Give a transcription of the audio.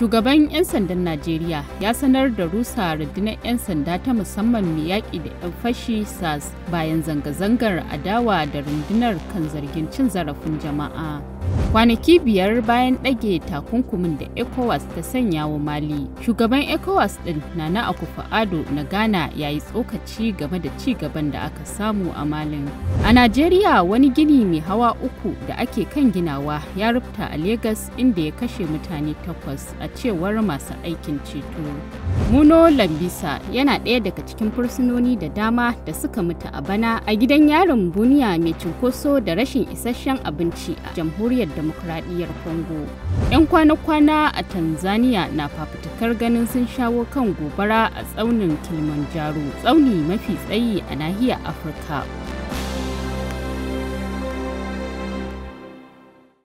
shugaban 'yan sandan najeriya ya sanar da rusa rundunar 'yan sanda ta musamman mai yaƙi da 'yan fashi sas bayan zanga-zangar adawa da rundunar kan zargin cin zarafin jama'a kwanaki biyar bayan ɗage takunkumin da ecowas ta sanya wa mali shugaban ecowas ɗin nana akufa ado na ghana ya yi tsokaci game da ci gaban da aka samu a malin a najeriya wani gini mai hawa uku da ake kan ginawa ya rufta a Legas inda ya kashe mutane takwas a cewar masu aikin ceto muno lambisa yana ɗaya daga cikin fursunoni da dama da suka mutu a bana a gidan yarin buniya mai cunkoso da rashin isasshen abinci a jamhuriyar jamhuriyar demokuraɗiyyar congo 'yan kwana-kwana a tanzania na fafutukar ganin sun shawo kan gobara a tsaunin kilimanjaro tsauni mafi tsayi a nahiyar afirka